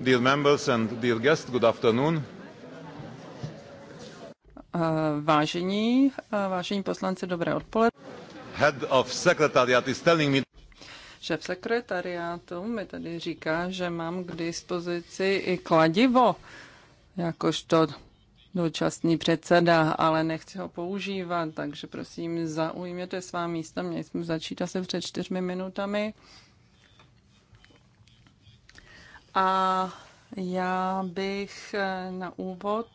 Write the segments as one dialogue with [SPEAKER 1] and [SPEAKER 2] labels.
[SPEAKER 1] Dear members and dear guests, good afternoon.
[SPEAKER 2] Eh, vážení, eh, vážení poslanci, dobré odpoledne.
[SPEAKER 1] Head of secretariat is telling me
[SPEAKER 2] Šéf sekretariátu mi tady říká, že mám k dispozici i kladivo, jakožto dočasný předseda, ale nechci ho používat, takže prosím, zaujměte svá místa. Měli jsme začít asi před čtyřmi minutami. A já bych eh, na úvod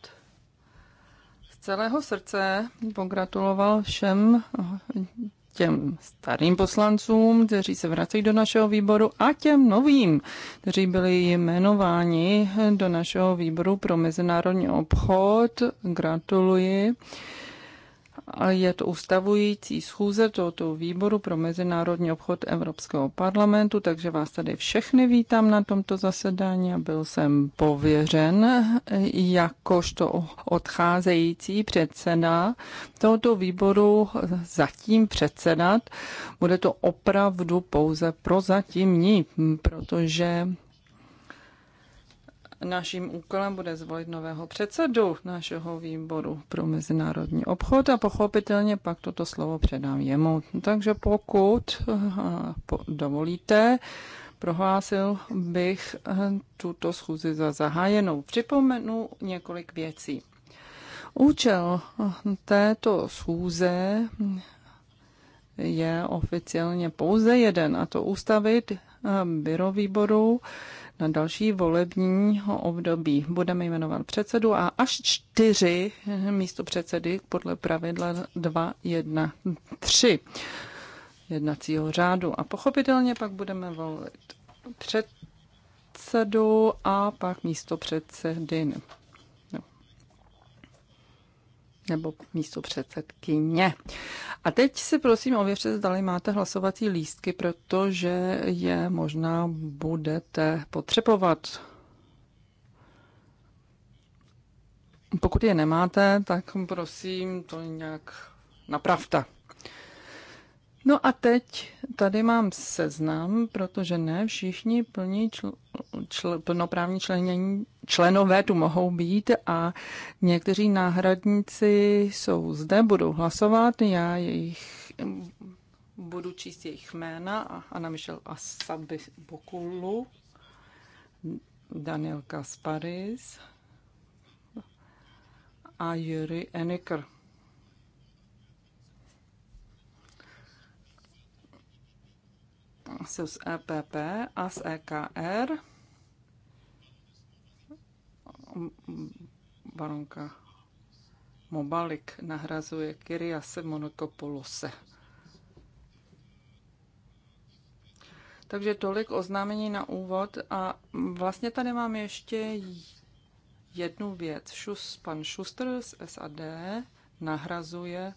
[SPEAKER 2] z celého srdce pogratuloval všem eh, těm starým poslancům, kteří se vracejí do našeho výboru a těm novým, kteří byli jmenováni do našeho výboru pro mezinárodní obchod. Gratuluji. Je to ustavující schůze tohoto výboru pro mezinárodní obchod Evropského parlamentu, takže vás tady všechny vítám na tomto zasedání a byl jsem pověřen jakožto odcházející předseda tohoto výboru zatím předsedat. Bude to opravdu pouze prozatímní, protože Naším úkolem bude zvolit nového předsedu našeho výboru pro mezinárodní obchod a pochopitelně pak toto slovo předám jemu. Takže pokud dovolíte, prohlásil bych eh, tuto schůzi za zahájenou. Připomenu několik věcí. Účel eh, této schůze je oficiálně pouze jeden, a to ústavit eh, byro výboru na další volebního období. Budeme jmenovat předsedu a až čtyři místo předsedy podle pravidla 2, 1, 3 jednacího řádu. A pochopitelně pak budeme volit předsedu a pak místo předsedy nebo místo předsedkyně. A teď si prosím ověřte, zdali máte hlasovací lístky, protože je možná budete potřebovat. Pokud je nemáte, tak prosím to nějak napravte. No a teď tady mám seznam, protože ne všichni plní čl, čl, plnoprávní členění, členové tu mohou být a někteří náhradníci jsou zde, budou hlasovat, já jejich budu číst jejich jména a Anna Michel Asabi Bokulu, Daniel Kasparis a Jury Enikr. se z EPP a z EKR. Baronka Mobalik nahrazuje Kyriase Monotopolose. Takže tolik oznámení na úvod a vlastně tady mám ještě jednu věc. Šus, pan Schuster z SAD nahrazuje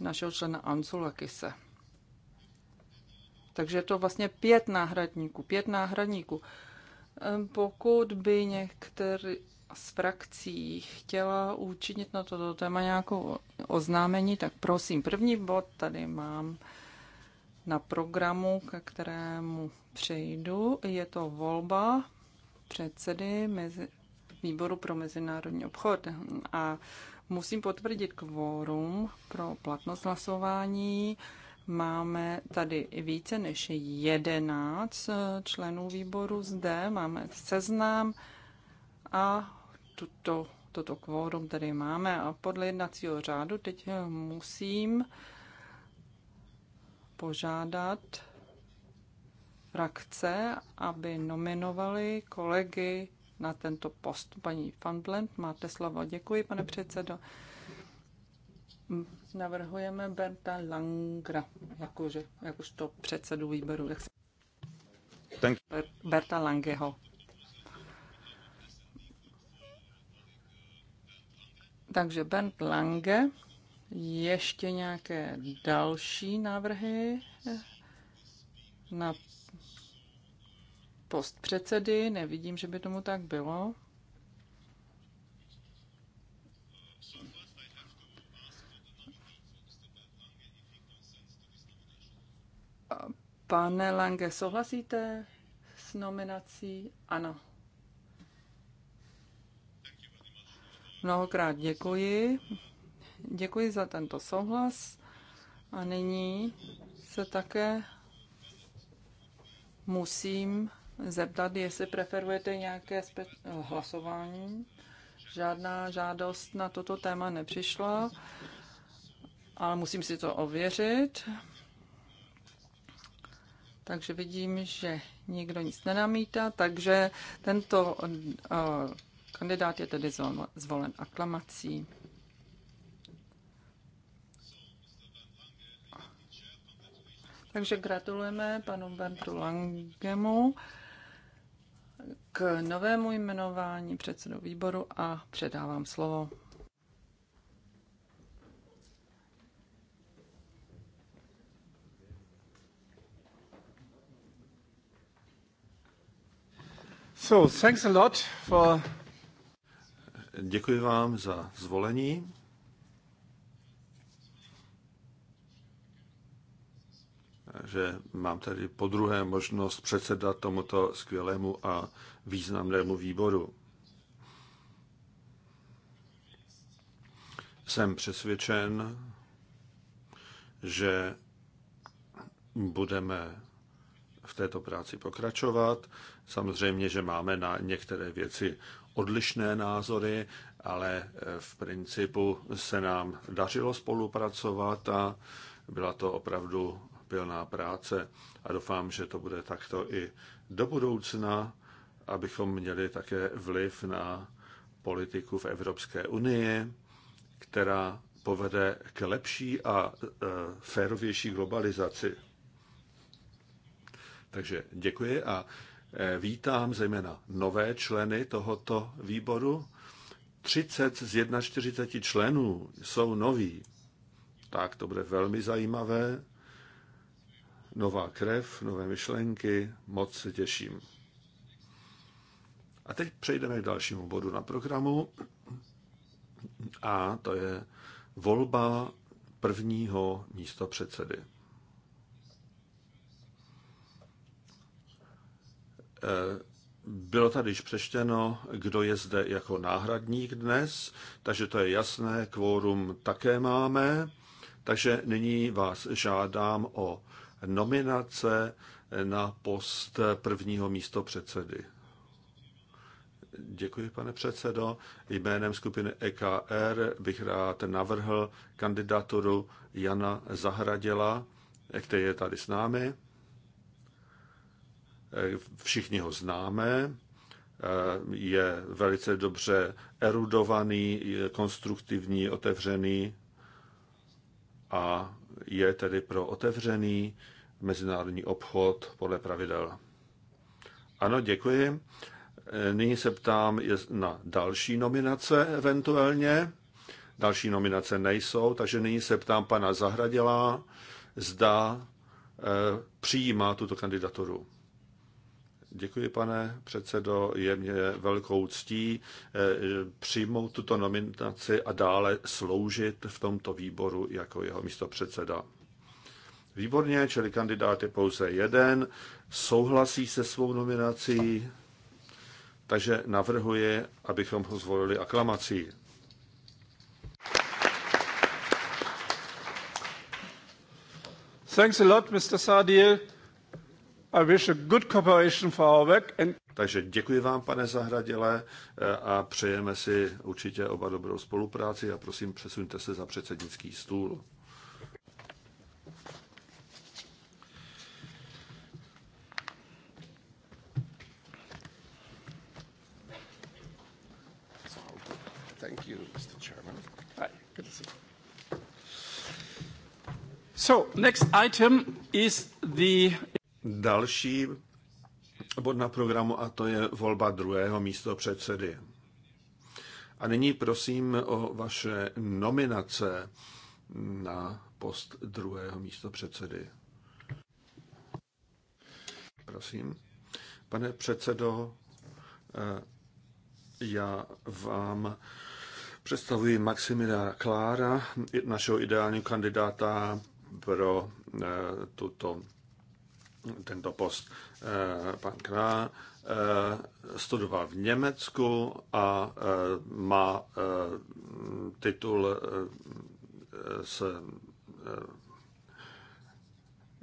[SPEAKER 2] našeho člena Anzula Kise. Takže je to vlastně pět náhradníků, pět náhradníků. Pokud by některý z frakcí chtěla učinit na toto téma nějakou oznámení, tak prosím, první bod tady mám na programu, ke kterému přejdu. Je to volba předsedy mezi, výboru pro mezinárodní obchod. A musím potvrdit kvórum pro platnost hlasování. Máme tady více než 11 eh, členů výboru zde, máme seznam a tuto, toto kvórum tady máme. A podle jednacího řádu teď eh, musím požádat frakce, aby nominovali kolegy na tento post. Paní Fandland, máte slovo. Děkuji, pane předsedo navrhujeme Berta Langra, jakože, jakožto předsedu výboru. Jak se... Ber, Berta Langeho. Takže Bernd Lange, ještě nějaké další návrhy na post předsedy? Nevidím, že by tomu tak bylo. Pane Lange, souhlasíte s nominací? Ano. Mnohokrát děkuji. Děkuji za tento souhlas. A nyní se také musím zeptat, jestli preferujete nějaké spe- hlasování. Žádná žádost na toto téma nepřišla, ale musím si to ověřit. Takže vidím, že nikdo nic nenamítá, takže tento eh, kandidát je tedy zvolen aklamací. Takže gratulujeme panu Bertu Langemu k novému jmenování předsedu výboru a předávám slovo.
[SPEAKER 3] So, thanks a lot for...
[SPEAKER 1] Děkuji vám za zvolení. že mám tady po druhé možnost předsedat tomuto skvělému a významnému výboru. Jsem přesvědčen, že budeme v této práci pokračovat. Samozřejmě, že máme na některé věci odlišné názory, ale eh, v principu se nám dařilo spolupracovat a byla to opravdu pilná práce a doufám, že to bude takto i do budoucna, abychom měli také vliv na politiku v Evropské unii, která povede k lepší a eh, férovější globalizaci. Takže děkuji a Eh, vítám zejména nové členy tohoto výboru. 30 z 41 členů jsou noví. Tak to bude velmi zajímavé. Nová krev, nové myšlenky, moc se těším. A teď přejdeme k dalšímu bodu na programu. A to je volba prvního místo předsedy. Eh, bylo tady již přečteno, kdo je zde jako náhradník dnes, takže to je jasné, kvórum také máme. Takže nyní vás žádám o nominace na post prvního místo předsedy. Děkuji, pane předsedo. Jménem skupiny EKR bych rád navrhl kandidaturu Jana Zahraděla, který je tady s námi všichni ho známe, je velice dobře erudovaný, je konstruktivní, otevřený a je tedy pro otevřený mezinárodní obchod podle pravidel. Ano, děkuji. Nyní se ptám na další nominace eventuálně. Další nominace nejsou, takže nyní se ptám pana Zahradila, zda eh, přijímá tuto kandidaturu. Děkuji, pane předsedo. Je mě velkou ctí eh, přijmout tuto nominaci a dále sloužit v tomto výboru jako jeho místo předseda. Výborně, čili kandidát je pouze jeden, souhlasí se svou nominací, takže navrhuje, abychom ho zvolili aklamací.
[SPEAKER 3] Thanks a lot, Mr. Sadiel.
[SPEAKER 1] Takže děkuji vám, pane Zahradile, eh, a přejeme si určitě oba dobrou spolupráci a prosím, přesuňte se za předsednický stůl.
[SPEAKER 3] Thank you, Mr. Chairman. So, next item is the další bod na programu a to je volba
[SPEAKER 1] druhého místo předsedy. A nyní prosím o vaše nominace na post druhého místo předsedy. Prosím. Pane předsedo, eh, já vám představuji Maximila Klára, našeho ideálního kandidáta pro eh, tuto tento post. Eh, pan Krá eh, studoval v Německu a eh, má titul z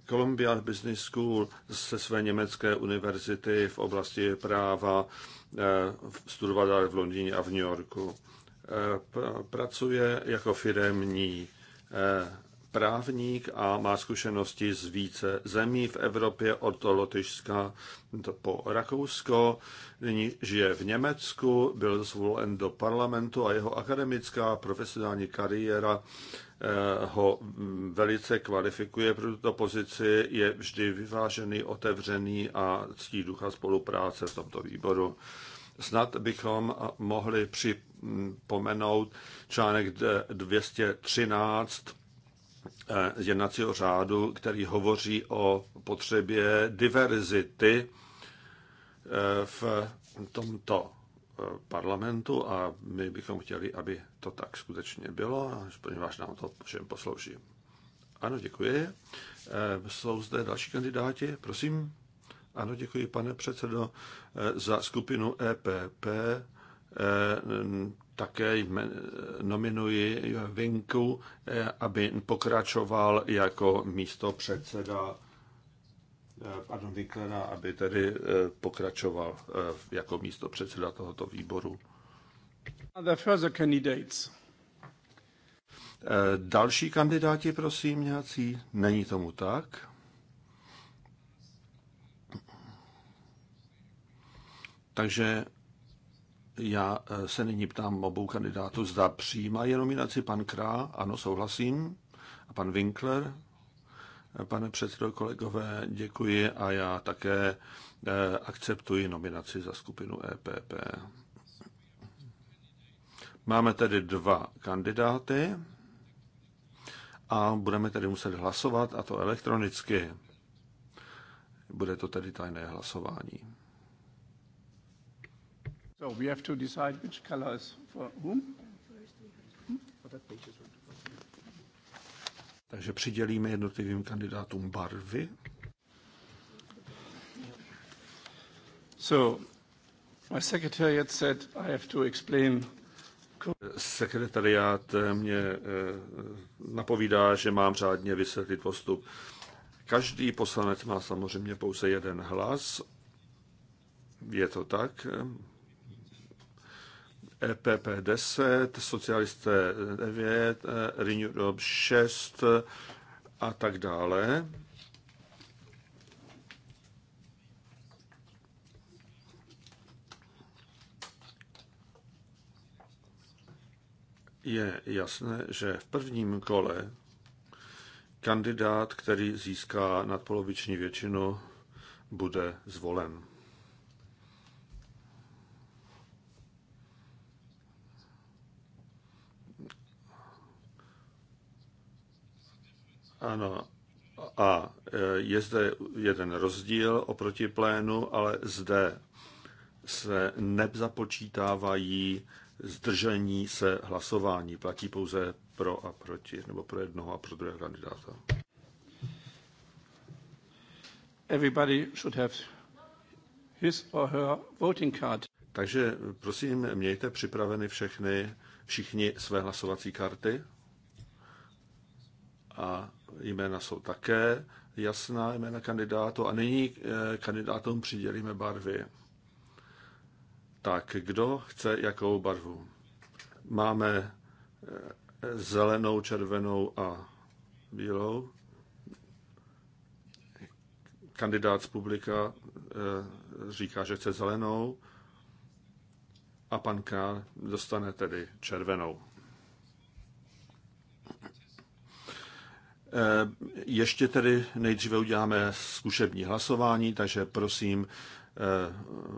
[SPEAKER 1] Columbia Business School ze své německé univerzity v oblasti práva, studoval dále v Londýně a v New Yorku. Pracuje jako firemní právník a má zkušenosti z více zemí v Evropě, od Lotyšska po Rakousko. Nyní žije v Německu, byl zvolen do parlamentu a jeho akademická a profesionální kariéra eh, ho velice kvalifikuje pro tuto pozici, je vždy vyvážený, otevřený a ctí ducha spolupráce v tomto výboru. Snad bychom mohli připomenout článek 213 Eh, jednacího řádu, který hovoří o potřebě diverzity eh, v tomto eh, parlamentu a my bychom chtěli, aby to tak skutečně bylo, a poněvadž nám to všem poslouží. Ano, děkuji. Jsou zde další kandidáti, prosím. Ano, děkuji, pane předsedo, za skupinu EPP také nominuji Vinku, eh, aby pokračoval jako místo předseda eh, pardon, Winklera, aby tedy eh, pokračoval jako místo předseda tohoto výboru. Další kandidáti, prosím, nějací? Není tomu tak. Takže já eh, se nyní ptám obou kandidátů, zda přijímají nominaci pan Krá. Ano, souhlasím. A pan Winkler? Eh, pane předsedo, kolegové, děkuji a já také eh, akceptuji nominaci za skupinu EPP. Máme tedy dva kandidáty a budeme tedy muset hlasovat, a to elektronicky. Bude to tedy tajné hlasování.
[SPEAKER 3] So we have to decide which color is for whom.
[SPEAKER 1] Takže přidělíme jednotlivým kandidátům barvy.
[SPEAKER 3] So, my secretariat said I have to explain Sekretariát eh,
[SPEAKER 1] mě eh, napovídá, že mám řádně vysvětlit postup. Každý poslanec má samozřejmě pouze jeden hlas. Je to tak. EPP 10, socialisté 9, Renew Europe 6 a tak dále. Je jasné, že v prvním kole kandidát, který získá nadpoloviční většinu, bude zvolen. Ano. A e, je zde jeden rozdíl oproti plénu, ale zde se nezapočítávají zdržení se hlasování. Platí pouze pro a proti, nebo pro jednoho a pro druhého kandidáta.
[SPEAKER 3] Everybody should have his or her voting
[SPEAKER 1] card. Takže prosím, mějte připraveny všechny, všichni své hlasovací karty. A jména jsou také jasná jména kandidátů a nyní eh, kandidátům přidělíme barvy. Tak, kdo chce jakou barvu? Máme eh, zelenou, červenou a bílou. Kandidát z publika eh, říká, že chce zelenou a pan Král dostane tedy červenou. Eh, ještě tedy nejdříve uděláme zkušební hlasování, takže prosím, eh,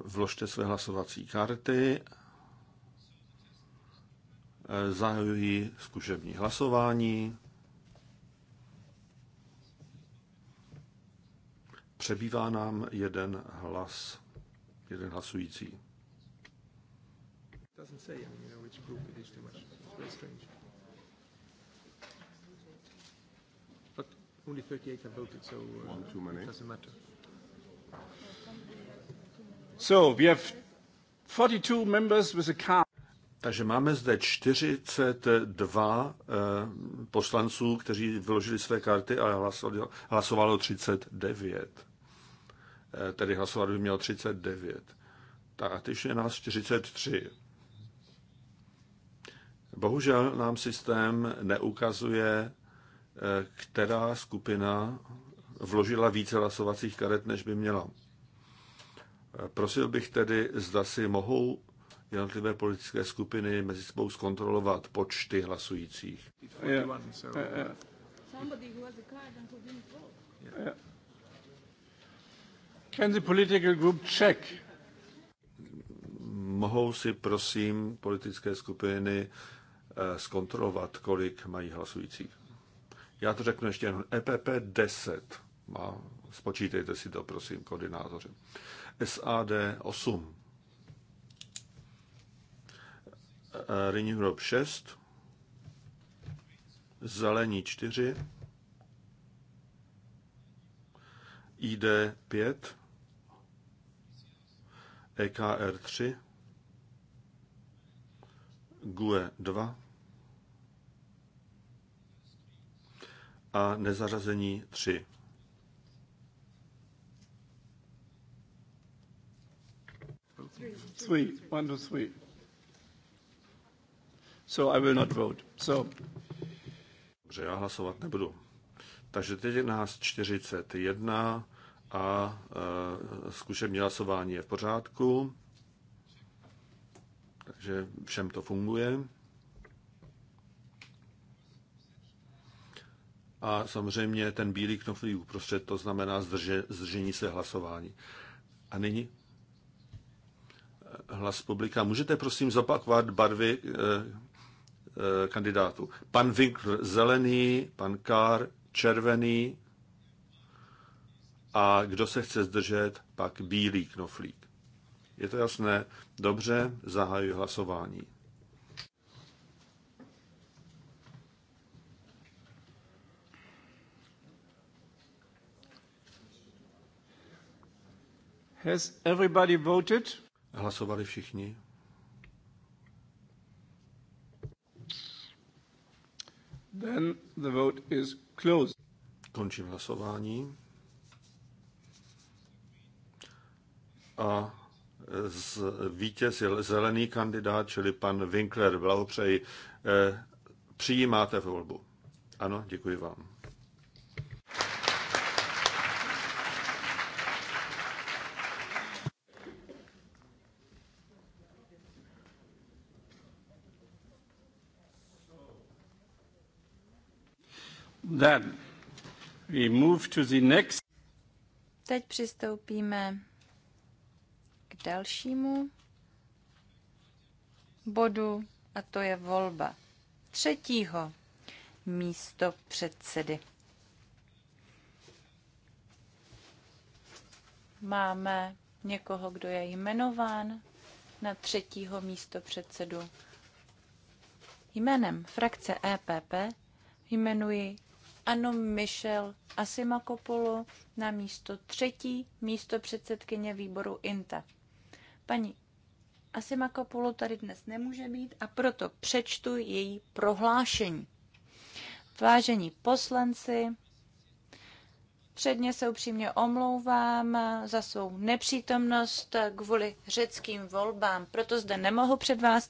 [SPEAKER 1] vložte své hlasovací karty. Eh, zahajuji zkušební hlasování. Přebývá nám jeden hlas, jeden hlasující.
[SPEAKER 3] Doesn't say, I mean, you know, which group it is too much. It's very strange.
[SPEAKER 1] Only 38 have voted, so uh, One too many. it doesn't matter.
[SPEAKER 3] So we have
[SPEAKER 1] 42 members with a car. Takže máme zde 42 eh, poslanců, kteří vyložili své karty a hlasovalo, 39. Eh, tedy hlasovat by mělo 39. Tak a teď je nás 43. Bohužel nám systém neukazuje která skupina vložila více hlasovacích karet, než by měla. Prosil bych tedy, zda si mohou jednotlivé politické skupiny mezi sebou zkontrolovat počty hlasujících.
[SPEAKER 3] Can the political group check?
[SPEAKER 1] Mohou si prosím politické skupiny eh, zkontrolovat, kolik mají hlasujících? Já to řeknu ještě jenom. EPP 10. Má, spočítejte si to, prosím, koordinátoři. SAD 8. E, Renew Europe 6. Zelení 4. ID 5. EKR 3. GUE 2. a nezařazení 3.
[SPEAKER 3] Three, So I will not vote. So.
[SPEAKER 1] Dobře, já hlasovat nebudu. Takže teď je nás 41 a uh, zkušební hlasování je v pořádku. Takže všem to funguje. a samozřejmě ten bílý knoflík uprostřed, to znamená zdrže, zdržení se hlasování. A nyní eh, hlas publika. Můžete prosím zopakovat barvy eh, eh, kandidátů. Pan Winkler zelený, pan Kár červený a kdo se chce zdržet, pak bílý knoflík. Je to jasné? Dobře, zahajuji hlasování.
[SPEAKER 3] Has everybody voted?
[SPEAKER 1] Hlasovali všichni. Then the vote is closed. Končím hlasování. A z vítěz je zelený kandidát, čili pan Winkler. Blahopřeji. Eh, přijímáte volbu. Ano, děkuji vám.
[SPEAKER 4] Teď přistoupíme k dalšímu bodu a to je volba třetího místo předsedy. Máme někoho, kdo je jmenován na třetího místo předsedu. Jménem frakce EPP jmenuji ano, Michel Asimakopoulou na místo třetí místo předsedkyně výboru INTA. Paní Asimakopoulou tady dnes nemůže být a proto přečtu její prohlášení. Vážení poslanci, Předně se upřímně omlouvám za svou nepřítomnost kvůli řeckým volbám, proto zde nemohu před vás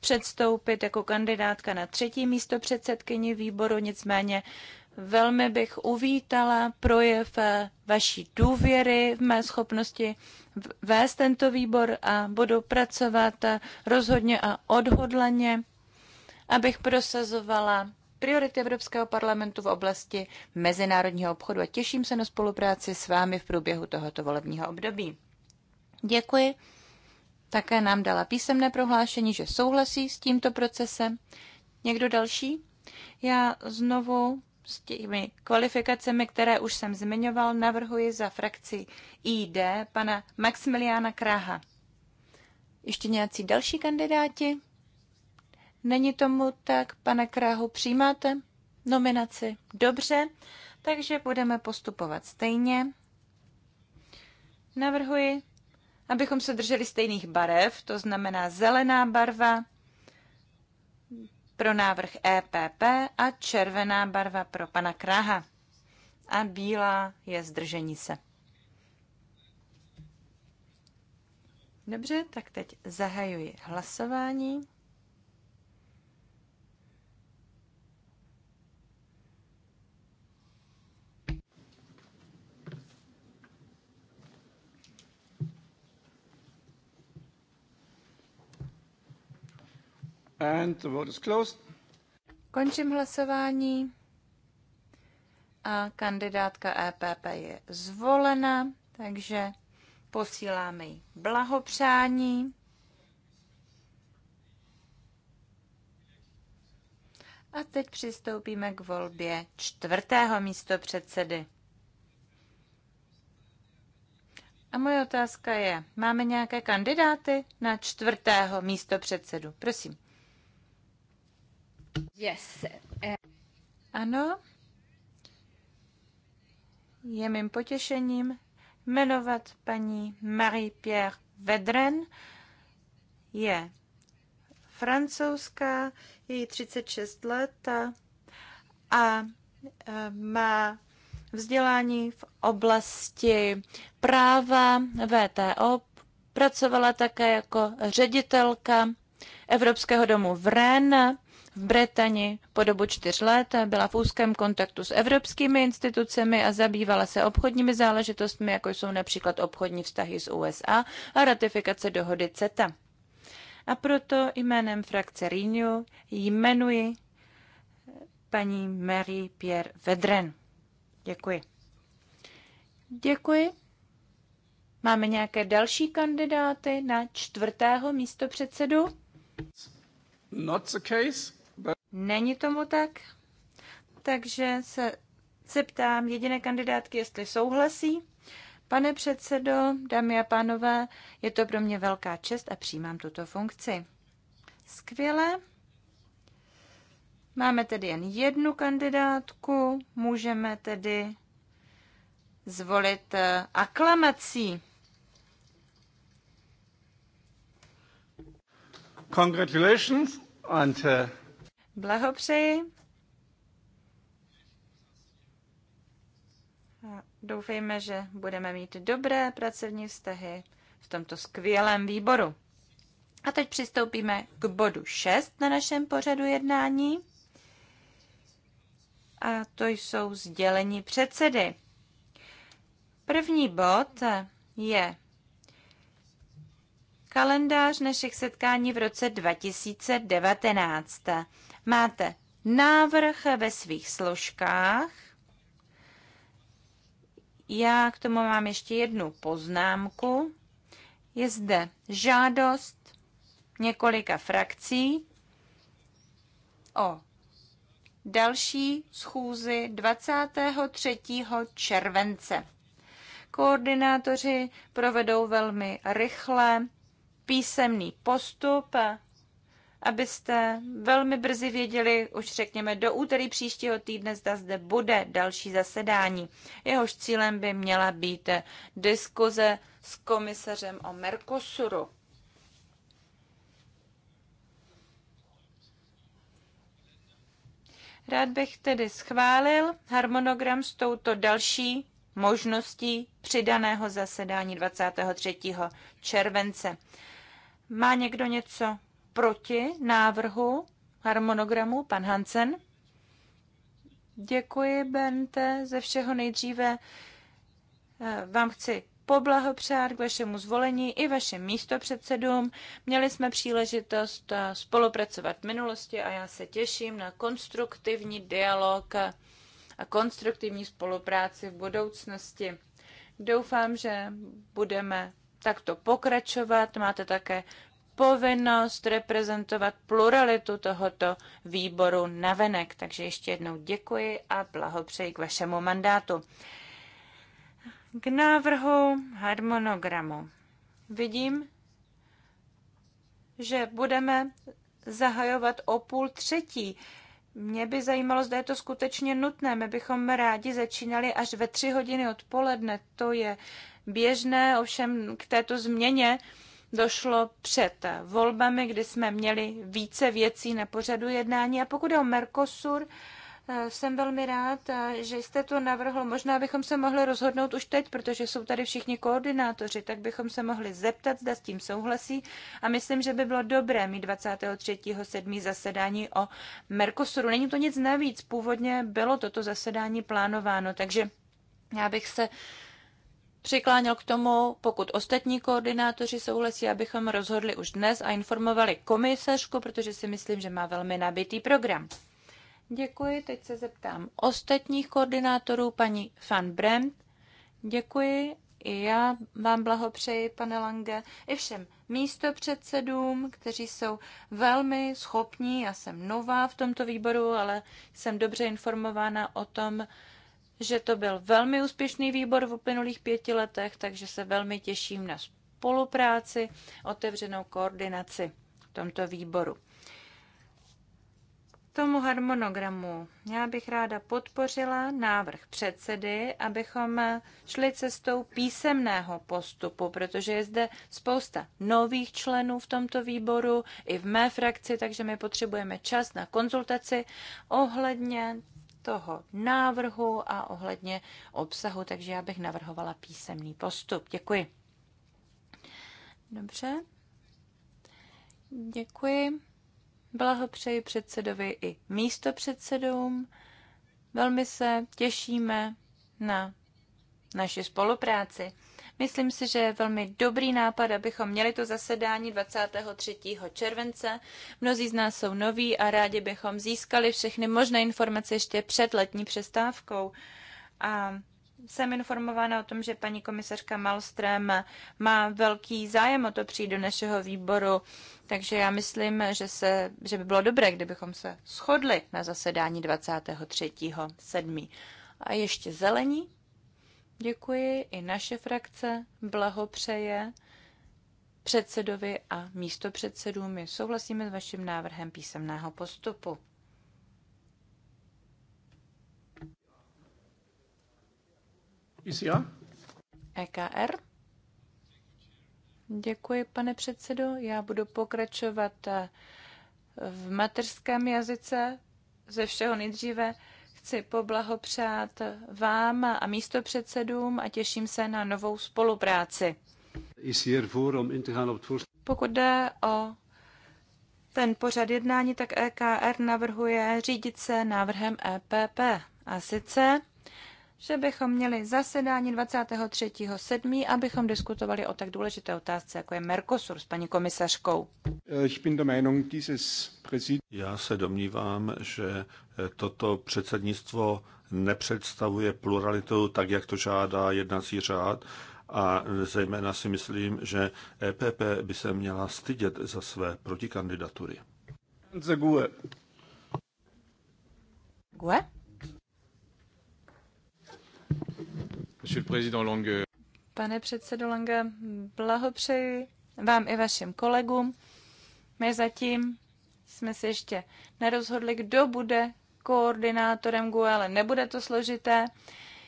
[SPEAKER 4] předstoupit jako kandidátka na třetí místo předsedkyni výboru, nicméně Velmi bych uvítala projev eh, vaší důvěry v mé schopnosti vést tento výbor a budu pracovat eh, rozhodně a odhodlaně, abych prosazovala priority Evropského parlamentu v oblasti mezinárodního obchodu a těším se na spolupráci s vámi v průběhu tohoto volebního období. Děkuji. Také nám dala písemné prohlášení, že souhlasí s tímto procesem. Někdo další? Já znovu s těmi kvalifikacemi, které už jsem zmiňoval, navrhuji za frakci ID pana Maximiliana Kraha. Ještě nějací další kandidáti? Není tomu tak, pane Krahu, přijímáte nominaci? Dobře, takže budeme postupovat stejně. Navrhuji, abychom se drželi stejných barev, to znamená zelená barva, pro návrh EPP a červená barva pro pana Kraha. A bílá je zdržení se. Dobře, tak teď zahajuji hlasování.
[SPEAKER 3] And the vote is closed.
[SPEAKER 4] Končím hlasování. A kandidátka EPP je zvolena, takže posíláme jí blahopřání. A teď přistoupíme k volbě čtvrtého místo předsedy. A moje otázka je, máme nějaké kandidáty na čtvrtého místo předsedu? Prosím. Yes. Ano, je mým potěšením jmenovat paní Marie-Pierre Vedren. Je francouzská, je jí 36 let a e, má vzdělání v oblasti práva VTO. Pracovala také jako ředitelka Evropského domu v Rennes v Bretani po dobu čtyř let, byla v úzkém kontaktu s evropskými institucemi a zabývala se obchodními záležitostmi, jako jsou například obchodní vztahy s USA a ratifikace dohody CETA. A proto jménem frakce Renew jmenuji paní Marie-Pierre Vedren. Děkuji. Děkuji. Máme nějaké další kandidáty na čtvrtého místo předsedu? Not the case. Není tomu tak, takže se zeptám jediné kandidátky, jestli souhlasí. Pane předsedo, dámy a pánové, je to pro mě velká čest a přijímám tuto funkci. Skvěle. Máme tedy jen jednu kandidátku, můžeme tedy zvolit eh, aklamací.
[SPEAKER 3] Congratulations and uh...
[SPEAKER 4] Blahopřeji. A doufejme, že budeme mít dobré pracovní vztahy v tomto skvělém výboru. A teď přistoupíme k bodu 6 na našem pořadu jednání. A to jsou sdělení předsedy. První bod je kalendář našich setkání v roce 2019. Máte návrh ve svých složkách. Já k tomu mám ještě jednu poznámku. Je zde žádost několika frakcí o další schůzi 23. července. Koordinátoři provedou velmi rychle písemný postup abyste velmi brzy věděli, už řekněme do úterý příštího týdne, zda zde bude další zasedání. Jehož cílem by měla být diskuze s komisařem o Mercosuru. Rád bych tedy schválil harmonogram s touto další možností přidaného zasedání 23. července. Má někdo něco proti návrhu harmonogramu, pan Hansen. Děkuji, Bente. Ze všeho nejdříve eh, vám chci poblahopřát k vašemu zvolení i vašem místopředsedům. Měli jsme příležitost eh, spolupracovat v minulosti a já se těším na konstruktivní dialog a konstruktivní spolupráci v budoucnosti. Doufám, že budeme takto pokračovat. Máte také povinnost reprezentovat pluralitu tohoto výboru navenek. Takže ještě jednou děkuji a blahopřeji k vašemu mandátu. K návrhu harmonogramu. Vidím, že budeme zahajovat o půl třetí. Mě by zajímalo, zda je to skutečně nutné. My bychom rádi začínali až ve tři hodiny odpoledne. To je běžné, ovšem k této změně došlo před volbami, kdy jsme měli více věcí na pořadu jednání. A pokud je o Mercosur, eh, jsem velmi rád, eh, že jste to navrhl. Možná bychom se mohli rozhodnout už teď, protože jsou tady všichni koordinátoři, tak bychom se mohli zeptat, zda s tím souhlasí. A myslím, že by bylo dobré mít 23.7. zasedání o Mercosuru. Není to nic navíc. Původně bylo toto zasedání plánováno, takže já bych se přikláněl k tomu, pokud ostatní koordinátoři souhlasí, abychom rozhodli už dnes a informovali komisařku, protože si myslím, že má velmi nabitý program. Děkuji, teď se zeptám ostatních koordinátorů, paní Van Bremt. Děkuji, i já vám blahopřeji, pane Lange, i všem místopředsedům, kteří jsou velmi schopní. Já jsem nová v tomto výboru, ale jsem dobře informována o tom, že to byl velmi úspěšný výbor v uplynulých pěti letech, takže se velmi těším na spolupráci, otevřenou koordinaci v tomto výboru. K tomu harmonogramu já bych ráda podpořila návrh předsedy, abychom šli cestou písemného postupu, protože je zde spousta nových členů v tomto výboru i v mé frakci, takže my potřebujeme čas na konzultaci ohledně toho návrhu a ohledně obsahu, takže já bych navrhovala písemný postup. Děkuji. Dobře. Děkuji. Blahopřeji předsedovi i místopředsedům. Velmi se těšíme na naši spolupráci. Myslím si, že je velmi dobrý nápad, abychom měli to zasedání 23. července. Mnozí z nás jsou noví a rádi bychom získali všechny možné informace ještě před letní přestávkou. A jsem informována o tom, že paní komisařka Malström má velký zájem o to přijít do našeho výboru, takže já myslím, že, se, že by bylo dobré, kdybychom se shodli na zasedání 23.7. A ještě zelení. Děkuji i naše frakce, blahopřeje předsedovi a místopředsedům. My souhlasíme s vaším návrhem písemného postupu. EKR? Děkuji, pane předsedo. Já budu pokračovat eh, v materském jazyce ze všeho nejdříve chci poblahopřát vám a místopředsedům a těším se na novou spolupráci. Pokud jde o ten pořad jednání, tak EKR navrhuje řídit se návrhem EPP. A sice že bychom měli zasedání 23.7., abychom diskutovali o tak důležité otázce, jako je Mercosur s paní komisařkou.
[SPEAKER 1] Já se domnívám, že toto předsednictvo nepředstavuje pluralitu tak, jak to žádá jednací řád a zejména si myslím, že EPP by se měla stydět za své protikandidatury.
[SPEAKER 4] Gue? Pane předsedo Lange, blahopřeji vám i vašim kolegům. My zatím jsme se ještě nerozhodli, kdo bude koordinátorem GUE, ale nebude to složité.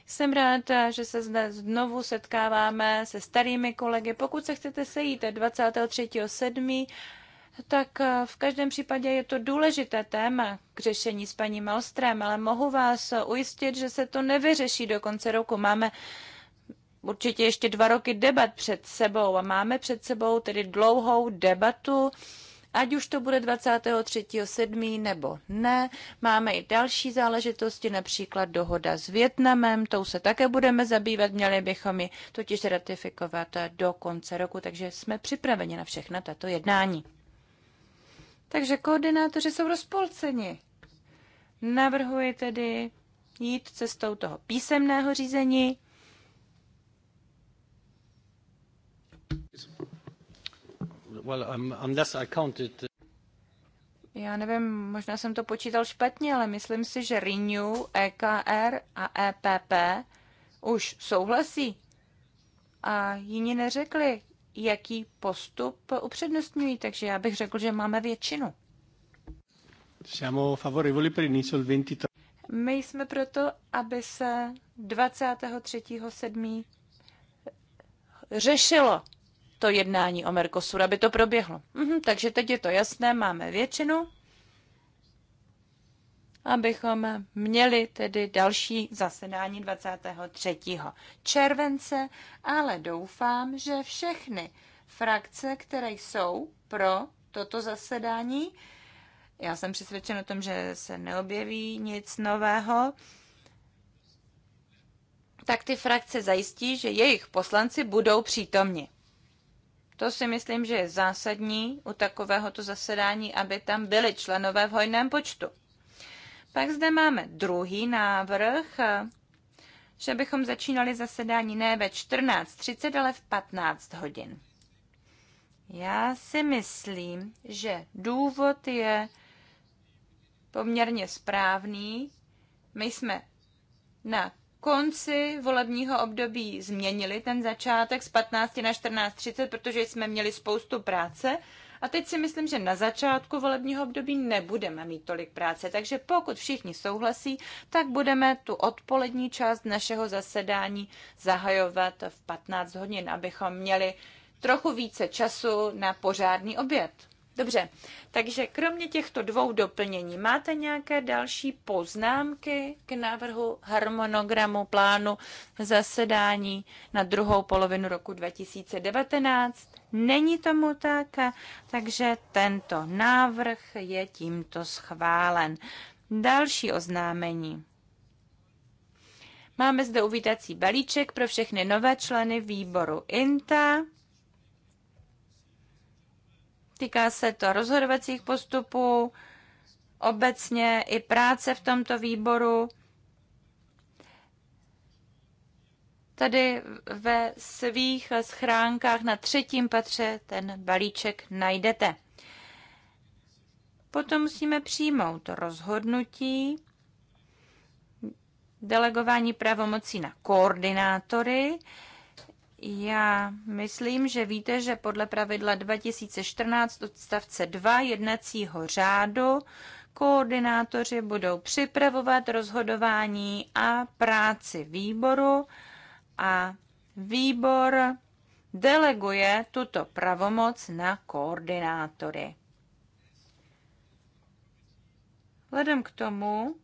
[SPEAKER 4] Jsem rád, že se zde znovu setkáváme se starými kolegy. Pokud se chcete sejít 23.7., tak eh, v každém případě je to důležité téma k řešení s paní Malstrem, ale mohu vás ujistit, že se to nevyřeší do konce roku. Máme určitě ještě dva roky debat před sebou a máme před sebou tedy dlouhou debatu, ať už to bude 23.7. nebo ne. Máme i další záležitosti, například dohoda s Větnamem, tou se také budeme zabývat, měli bychom ji totiž ratifikovat do konce roku, takže jsme připraveni na všechna tato jednání. Takže koordinátoři jsou rozpolceni. Navrhuji tedy jít cestou toho písemného řízení. Well, um, unless I counted... Já nevím, možná jsem to počítal špatně, ale myslím si, že Renew, EKR a EPP už souhlasí. A jiní neřekli, jaký postup upřednostňují, takže já bych řekl, že máme většinu.
[SPEAKER 2] 23.
[SPEAKER 4] My jsme proto, aby se 23.7. řešilo to jednání o Mercosur, aby to proběhlo. Mhm, takže teď je to jasné, máme většinu abychom měli tedy další zasedání 23. července, ale doufám, že všechny frakce, které jsou pro toto zasedání, já jsem přesvědčen o tom, že se neobjeví nic nového, tak ty frakce zajistí, že jejich poslanci budou přítomni. To si myslím, že je zásadní u takovéhoto zasedání, aby tam byli členové v hojném počtu. Pak zde máme druhý návrh, že bychom začínali zasedání ne ve 14.30, ale v 15 hodin. Já si myslím, že důvod je poměrně správný. My jsme na konci volebního období změnili ten začátek z 15 na 14.30, protože jsme měli spoustu práce a teď si myslím, že na začátku volebního období nebudeme mít tolik práce, takže pokud všichni souhlasí, tak budeme tu odpolední část našeho zasedání zahajovat v 15 hodin, abychom měli trochu více času na pořádný oběd. Dobře, takže kromě těchto dvou doplnění, máte nějaké další poznámky k návrhu harmonogramu plánu zasedání na druhou polovinu roku 2019? Není tomu tak, takže tento návrh je tímto schválen. Další oznámení. Máme zde uvítací balíček pro všechny nové členy výboru INTA. Týká se to rozhodovacích postupů, obecně i práce v tomto výboru. tady ve svých schránkách na třetím patře ten balíček najdete. Potom musíme přijmout rozhodnutí, delegování pravomocí na koordinátory. Já myslím, že víte, že podle pravidla 2014 odstavce 2 jednacího řádu koordinátoři budou připravovat rozhodování a práci výboru a výbor deleguje tuto pravomoc na koordinátory. Vzhledem k tomu,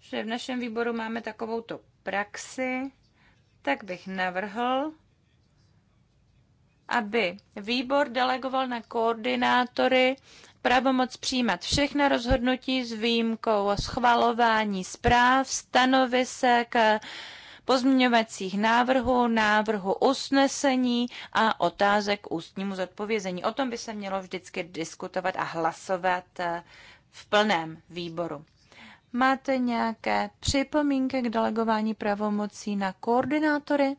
[SPEAKER 4] že v našem výboru máme takovouto praxi, tak bych navrhl, aby výbor delegoval na koordinátory pravomoc přijímat všechna rozhodnutí s výjimkou schvalování zpráv, stanovisek, pozměňovacích návrhů, návrhu usnesení a otázek k ústnímu zodpovězení. O tom by se mělo vždycky diskutovat a hlasovat eh, v plném výboru. Máte nějaké připomínky k delegování pravomocí na koordinátory?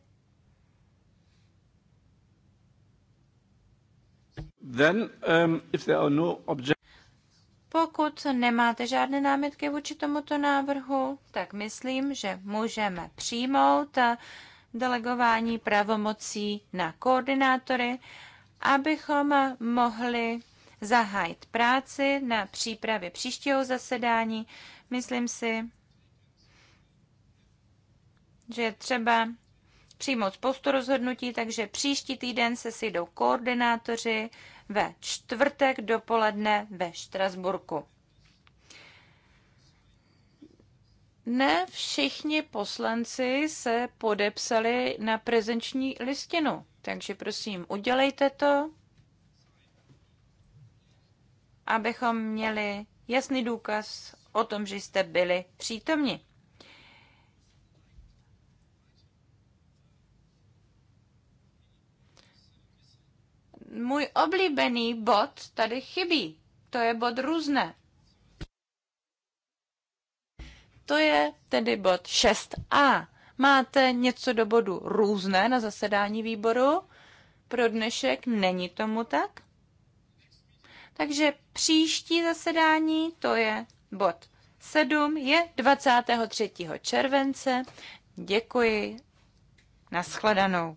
[SPEAKER 3] Then, um, if there are no
[SPEAKER 4] pokud nemáte žádné námitky vůči tomuto návrhu, tak myslím, že můžeme přijmout delegování pravomocí na koordinátory, abychom mohli zahájit práci na přípravě příštího zasedání. Myslím si, že je třeba přijmout spoustu rozhodnutí, takže příští týden se sejdou koordinátoři ve čtvrtek dopoledne ve Štrasburku. Ne všichni poslanci se podepsali na prezenční listinu, takže prosím, udělejte to, abychom měli jasný důkaz o tom, že jste byli přítomni. můj oblíbený bod tady chybí. To je bod různé. To je tedy bod 6a. Máte něco do bodu různé na zasedání výboru? Pro dnešek není tomu tak? Takže příští zasedání, to je bod 7, je 23. července. Děkuji. Naschledanou.